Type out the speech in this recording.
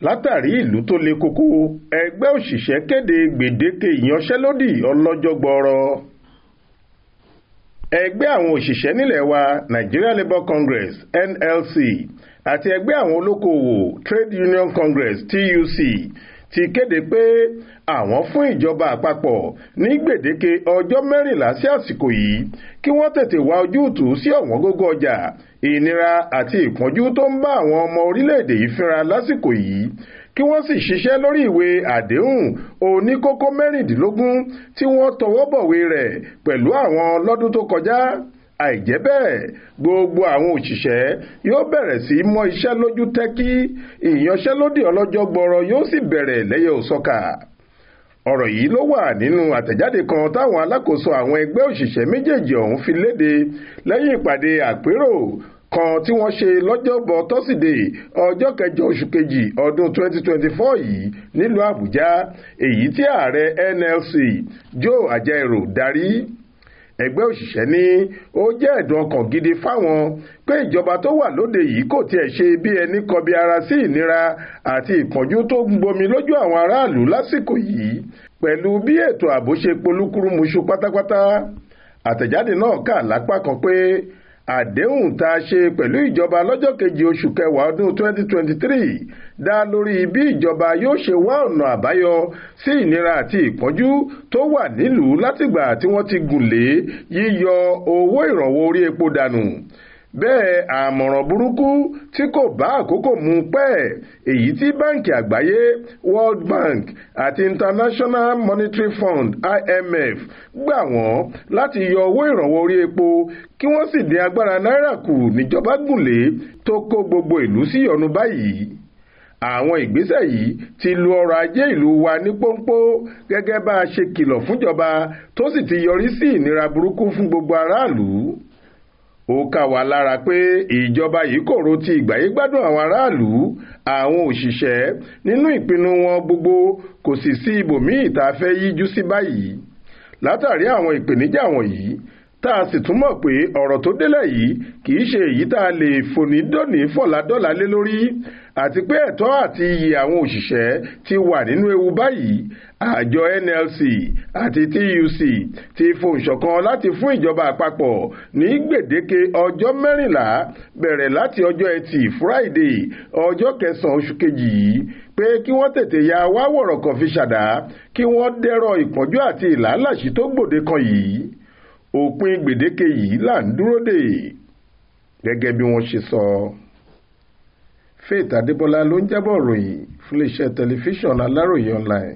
látàrí ìlú tó le koko ẹgbẹ́ òṣìṣẹ́ kéde gbèdéke ìyanṣẹ́lódì ọlọ́jọ́ gbọọrọ ẹgbẹ́ àwọn òṣìṣẹ́ nílẹ̀ wa Nigeria Labour Congress NLC àti ẹgbẹ́ àwọn olókoòwò Trade Union Congress TUC ti kéde pé àwọn fún ìjọba àpapọ̀ ní gbèdéke ọjọ́ mẹ́rìnlá sí àsìkò yìí kí wọ́n tètè wá ojútùú sí ọ̀wọ́n gógó ọjà ìnira àti ìpọ́njú tó ń bá àwọn ọmọ orílẹ̀-èdè yìí fínra lásìkò yìí kí wọ́n sì ṣiṣẹ́ lórí ìwé àdéhùn oníkókó mẹ́rìndínlógún tí wọ́n tọwọ́ bọ̀wé rẹ̀ pẹ̀lú àwọn lọ́dún tó kọjá àìjẹ́ bẹ́ẹ̀ gbogbo àwọn òṣìṣẹ́ yóò bẹ̀rẹ̀ sí í mọ iṣẹ́ lójú tẹ́kí ìyanṣẹ́lódì ọlọ́jọ́ gbọrọ yóò sì bẹ̀rẹ̀ lẹ́yẹ òsọ́kà ọ̀rọ̀ yìí ló wà nínú àtẹ̀jáde kan táwọn alákòóso àwọn ẹgbẹ́ òṣìṣẹ́ méjèèjì ọ̀hún fi léde lẹ́yìn ìpàdé àpérò kan tí wọ́n ṣe lọ́jọ́bọ̀ tọ́sídẹ̀ẹ́ ọjọ́ kẹjọ oṣù kejì ọdún 2024 yìí nílùú àbújá èyí tí ààrẹ NLC Joe Ajaero darí ẹgbẹ́ òṣìṣẹ́ ní ó jẹ́ ẹ̀dùn ọkàn gidi fáwọn pé ìjọba tó wà lóde yìí kò tiẹ̀ ṣe bí ẹni kọbi ara sí ìnira àti ìpọ́njú tó ń gbomi lójú àwọn aráàlú lásìkò yìí pẹ̀lú bí ètò ààbò ṣe polúkúrúmuṣu pátápátá àtẹ̀jáde náà kà lápá kan pé àdéhùn tá a ṣe pẹ̀lú ìjọba lọ́jọ́ kejì oṣù kẹwàá ọdún 2023 dá lórí bí ìjọba yóò ṣe wá ọ̀nà àbáyọ sí ìnira àti ìpọ́njú tó wà nílùú látìgbà tí wọ́n ti gùn lé yíyọ owó ìrànwọ́ orí epo dànù bẹ́ẹ̀ àmọ̀ràn burúkú tí kò bá àkókò mu pẹ́ èyí tí báǹkì àgbáyé World Bank àti International Monetary Fund IMF gbà wọ́n láti yọ owó ìrànwọ́ orí epo kí wọ́n sì dín agbára náírà kù níjọba gùnlé tó kó gbogbo ìlú síyọnu báyìí àwọn ìgbésẹ̀ yìí ti lu ọrọ̀ ajé ìlú wa ní pọ́npọ́ gẹ́gẹ́ bá a ṣe kìlọ̀ fúnjọba tó sì ti yọrí sí ìnira burúkú fún gbogbo aráàlú ó kà wá lára pé ìjọba yìí kò ro ti ìgbà yìí gbádùn àwọn aráàlú àwọn òṣìṣẹ́ nínú ìpinnu wọn gbogbo kò sì sí ibòmíì tá a fẹ́ yíjú sí báyìí látàrí àwọn ìpèníjà wọ̀nyí tá a sì tún mọ̀ pé ọ̀rọ̀ tó délẹ̀ yìí kì í ṣe èyí tá a lè fònídọ́ní fọ̀ládọ́là lé lórí àti pé ẹ̀tọ́ àti iye àwọn òṣìṣẹ́ ti wà nínú ewu báyìí àjọ NLC àti TUC ti fòǹṣọ̀kan láti fún ìjọba àpapọ̀ ní gbèdéke ọjọ́ mẹ́rìnlá bẹ̀rẹ̀ láti ọjọ́ ẹtì Friday ọjọ́ kẹsàn-án oṣù kejì yìí pé kí wọ́n tètè ya wá wọ̀rọ̀ kan fi ṣàdá kí wọ́n dẹ́rọ̀ ìpọ́njú àti ìlàálàṣí tó gbòde kan yìí òpin gbèdéke yìí là ń dúró dè gẹ́gẹ́ bí wọ́n ṣe sọ. Faith Adébọlá ló ń jábọ̀ ròyìn fún iléeṣẹ́ tẹlifíṣàn Aláròye online.